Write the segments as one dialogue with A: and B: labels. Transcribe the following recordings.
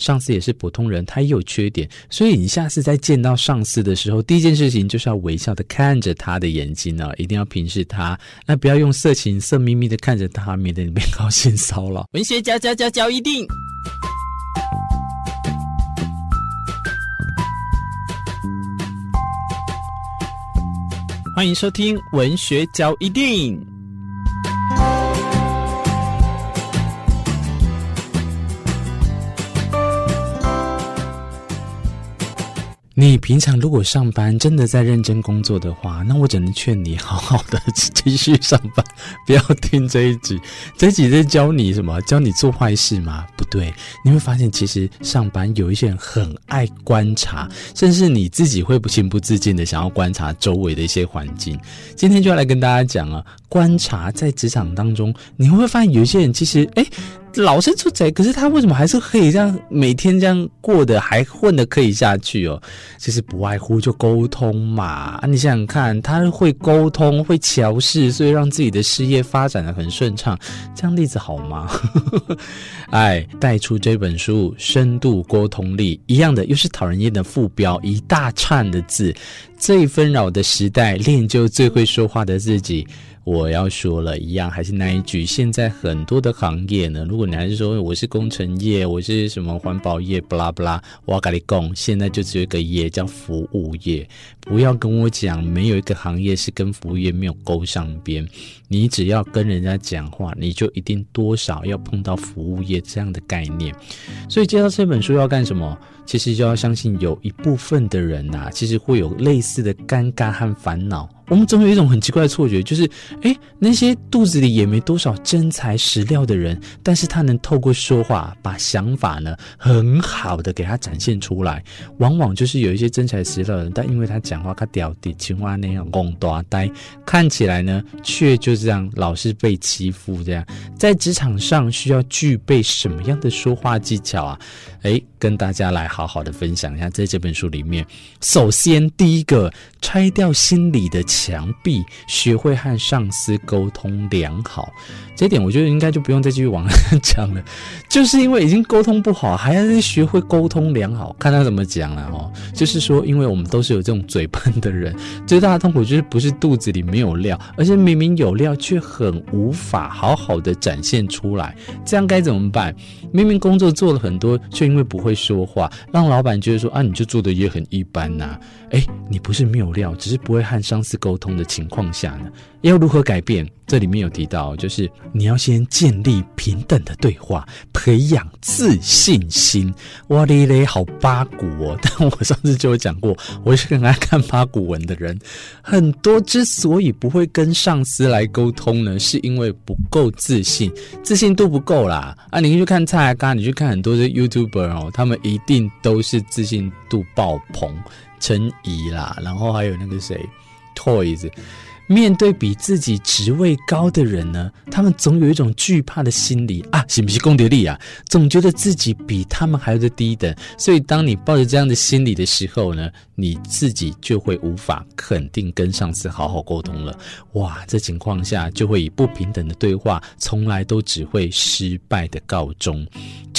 A: 上司也是普通人，他也有缺點，所以你下次再見到上司的時候，第一件事情就是要微笑的看着他的眼睛啊、哦，一定要平視他，那不要用色情色眯眯的看着他，免得你被高薪騷擾。文學教教教教一定，歡迎收聽文學教一定。你平常如果上班真的在認真工作的話，那我只能勸你好好的繼續上班，不要聽這一集。這一集在教你什麼？教你做壞事嗎？不對，你會發現其實上班有一些人很愛觀察，甚至你自己會不情不自禁的想要觀察周圍的一些環境。今天就要來跟大家講啊。觀察在職場當中，你會發現有一些人其實誒老是出賊，可是他為什麼還是可以這樣每天這樣過的還混得可以下去哦？其實不外乎就溝通嘛啊！你想想看，他會溝通，會喬事，所以讓自己的事業發展得很順暢。這樣例子好嗎？哎， 帶出這本書《深度溝通力》，一樣的又是討人厭的副標一大串的字。最紛擾的時代，練就最會說話的自己。我要說了一樣，還是那一句：現在很多的行業呢，如果你還是說我是工程業，我是什麼環保業，巴拉巴拉，我要跟你講，現在就只有一個業叫服務業。不要跟我講，沒有一個行業是跟服務業沒有勾上邊。你只要跟人家講話，你就一定多少要碰到服務業這樣的概念。所以介紹這本書要幹什麼？其實就要相信有一部分的人吶、啊，其實會有類似。似的尷尬和煩惱。我們總有一種很奇怪的錯覺，就是，哎，那些肚子裡也沒多少真材實料的人，但是他能透過說話把想法呢很好的給他展現出來。往往就是有一些真材實料的人，但因為他講話他屌的青蛙那樣公大呆，看起來呢卻就這樣老是被欺負這樣。在職場上需要具備什麼樣的說話技巧啊？哎，跟大家來好好的分享一下，在這本書裡面，首先第一個拆掉心裡的。想必學會和上司溝通良好，這一點我覺得應該就不用再繼續往上講了。就是因為已經溝通不好，還要學會溝通良好，看他怎麼講了、啊、哦。就是說，因為我們都是有這種嘴笨的人，最大的痛苦就是不是肚子裡沒有料，而是明明有料卻很無法好好的展現出來。這樣該怎麼辦？明明工作做了很多，卻因為不會說話，讓老闆覺得說啊，你就做的也很一般呐、啊。哎，你不是沒有料，只是不會和上司溝。溝通的情況下呢，要如何改變？這裡面有提到，就是你要先建立平等的對話，培養自信心。哇嘞嘞，好八股哦！但我上次就有講過，我是很愛看八股文的人。很多之所以不會跟上司來溝通呢，是因為不夠自信，自信度不夠啦。啊，你去看蔡阿嘎，你去看很多的 YouTuber 哦，他們一定都是自信度爆棚，陳怡啦，然後還有那個誰。Toys，面對比自己職位高的人呢，他們總有一種懼怕的心理啊，是不是功德力啊？總覺得自己比他們還要低等，所以當你抱着這樣的心理的時候呢，你自己就會無法肯定跟上司好好溝通了。哇，這情況下就會以不平等的對話，從來都只會失敗的告終。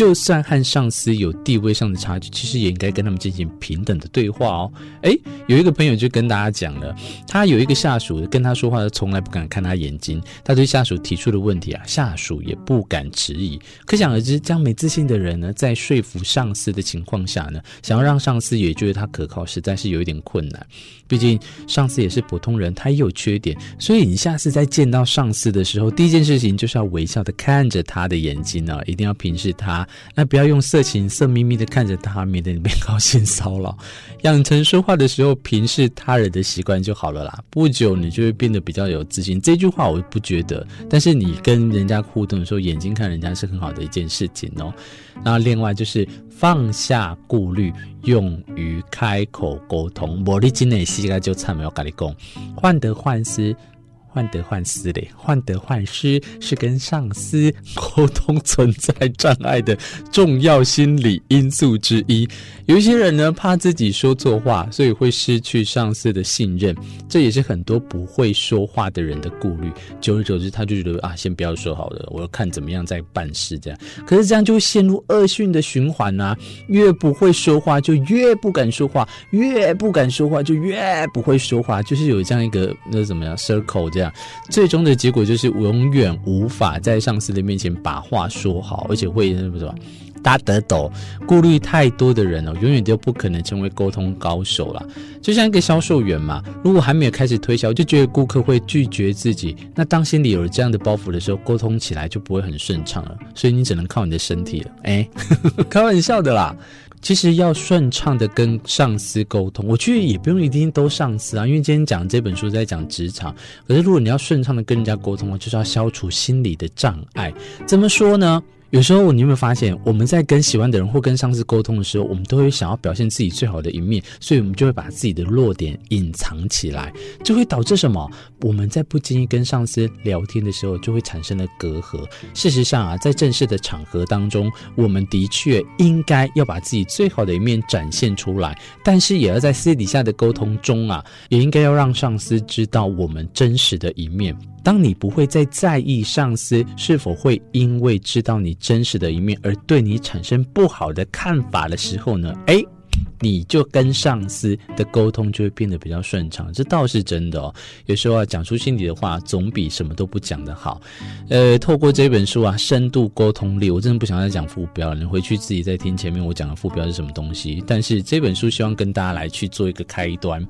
A: 就算和上司有地位上的差距，其實也應該跟他們進行平等的對話哦。誒，有一個朋友就跟大家講了，他有一個下屬跟他說話，從來不敢看他眼睛。他對下屬提出的問題啊，下屬也不敢遲疑。可想而知，這樣沒自信的人呢，在說服上司的情況下呢，想要讓上司也覺得他可靠，實在是有一點困難。畢竟上司也是普通人，他也有缺點。所以你下次再見到上司的時候，第一件事情就是要微笑的看着他的眼睛呢、啊，一定要平視他。那不要用色情色眯眯的看着他，免得你被性騷擾。養成說話的時候平視他人的習慣就好了啦。不久你就會變得比較有自信。這句話我不覺得，但是你跟人家互動的時候，眼睛看人家是很好的一件事情哦。那另外就是放下顧慮，用於開口溝通。我哩今日西加就差沒有跟你講，患得患失。患得患失嘞，患得患失是跟上司溝通存在障礙的重要心理因素之一。有一些人呢，怕自己說錯話，所以會失去上司的信任。這也是很多不會說話的人的顧慮。久而久之，他就覺得啊，先不要說好了，我要看怎麼樣再辦事這樣。可是這樣就會陷入惡性的循環啊，越不會說話就越不敢說話，越不敢說話就越不會說話，就是有這樣一個那怎麼樣 circle 這樣。最終的結果就是永遠無法在上司的面前把話說好，而且會什麼什麼？答得抖，顧慮太多的人哦，永遠都不可能成為溝通高手了。就像一個銷售員嘛，如果還沒有開始推銷，就覺得顧客會拒絕自己，那當心裡有了這樣的包袱的時候，溝通起來就不會很順暢了。所以你只能靠你的身體了。哎， 開玩笑的啦。其實要順暢的跟上司溝通，我覺得也不用一定都上司啊，因為今天講這本書在講職場。可是如果你要順暢的跟人家溝通，就是要消除心理的障礙。怎麼說呢？有時候，你有沒有發現，我們在跟喜歡的人或跟上司溝通的時候，我們都會想要表現自己最好的一面，所以我們就會把自己的弱點隱藏起來。這會導致什麼？我們在不經意跟上司聊天的時候，就會產生了隔閡。事實上啊，在正式的場合當中，我們的確應該要把自己最好的一面展現出來，但是也要在私底下的溝通中啊，也應該要讓上司知道我們真實的一面。當你不會再在意上司是否會因為知道你真實的一面而對你產生不好的看法的時候呢，誒，你就跟上司的溝通就會變得比較順暢，這倒是真的哦。有時候啊，講出心底的話，總比什麼都不講的好。呃，透過這本書啊，深度溝通力，我真的不想再講副標了，你回去自己再聽前面我講的副標是什麼東西。但是這本書希望跟大家來去做一個開端。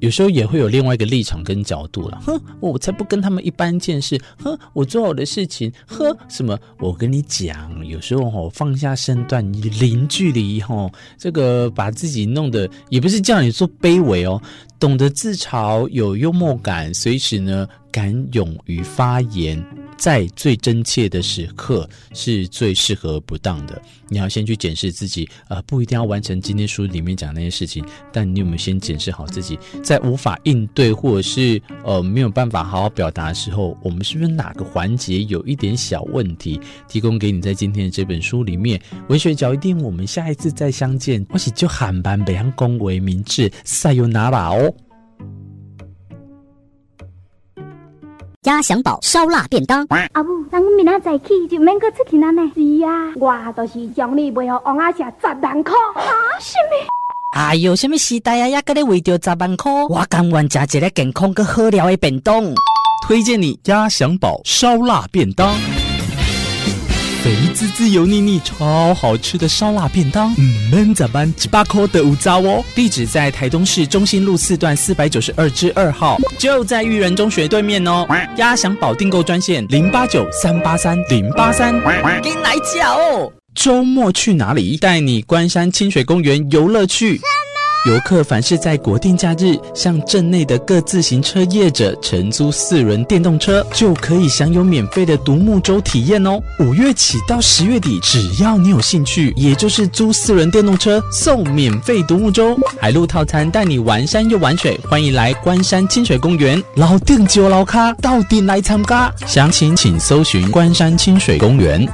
A: 有時候也會有另外一個立場跟角度了，哼，我才不跟他們一般見識，哼，我做我的事情，呵，什麼？我跟你講，有時候吼，放下身段，零距離吼，這個把自己弄得也不是叫你做卑微哦、喔，懂得自嘲，有幽默感，隨時呢敢勇於發言。在最真切的時刻是最適合不當的。你要先去檢視自己，呃，不一定要完成今天書裡面講那些事情，但你有沒有先檢視好自己？在無法應對或者是，呃，沒有辦法好好表達的時候，我們是不是哪個環節有一點小問題？提供給你在今天的這本書裡面。文學角一定，我們下一次再相見。我且就喊版北洋公為明智塞又拿哦。鴨翔寶燒臘便當。阿母哇，咱明仔早起就免去出去哪奈？是啊，我就是讓你袂喝王阿嬸十萬塊。什麼？是嗎？哎呦，什麼時代啊，還跟你為着十萬塊？我甘願吃一個健康佮好料的便當。推薦你鴨翔寶燒臘便當。肥滋滋油膩膩，超好吃的燒臘便當，嗯們咋辦？雞巴摳的五糟哦！地址在台東市中心路四段四百九十二之二號，就在育人中學對面哦。鴨翔寶訂購專線零八九三八三零八三，給你奶腳哦。週末去哪裡？帶你關山清水公園遊樂去。 遊客凡是在國定假日向鎮內的各自行車業者承租四輪電動車，就可以享有免費的獨木舟體驗哦。五月起到十月底，只要你有興趣，也就是租四輪電動車送免費獨木舟、海陸套餐，帶你玩山又玩水。歡迎來關山親水公園，老店酒老咖，到底來參加？詳情請搜尋關山親水公園。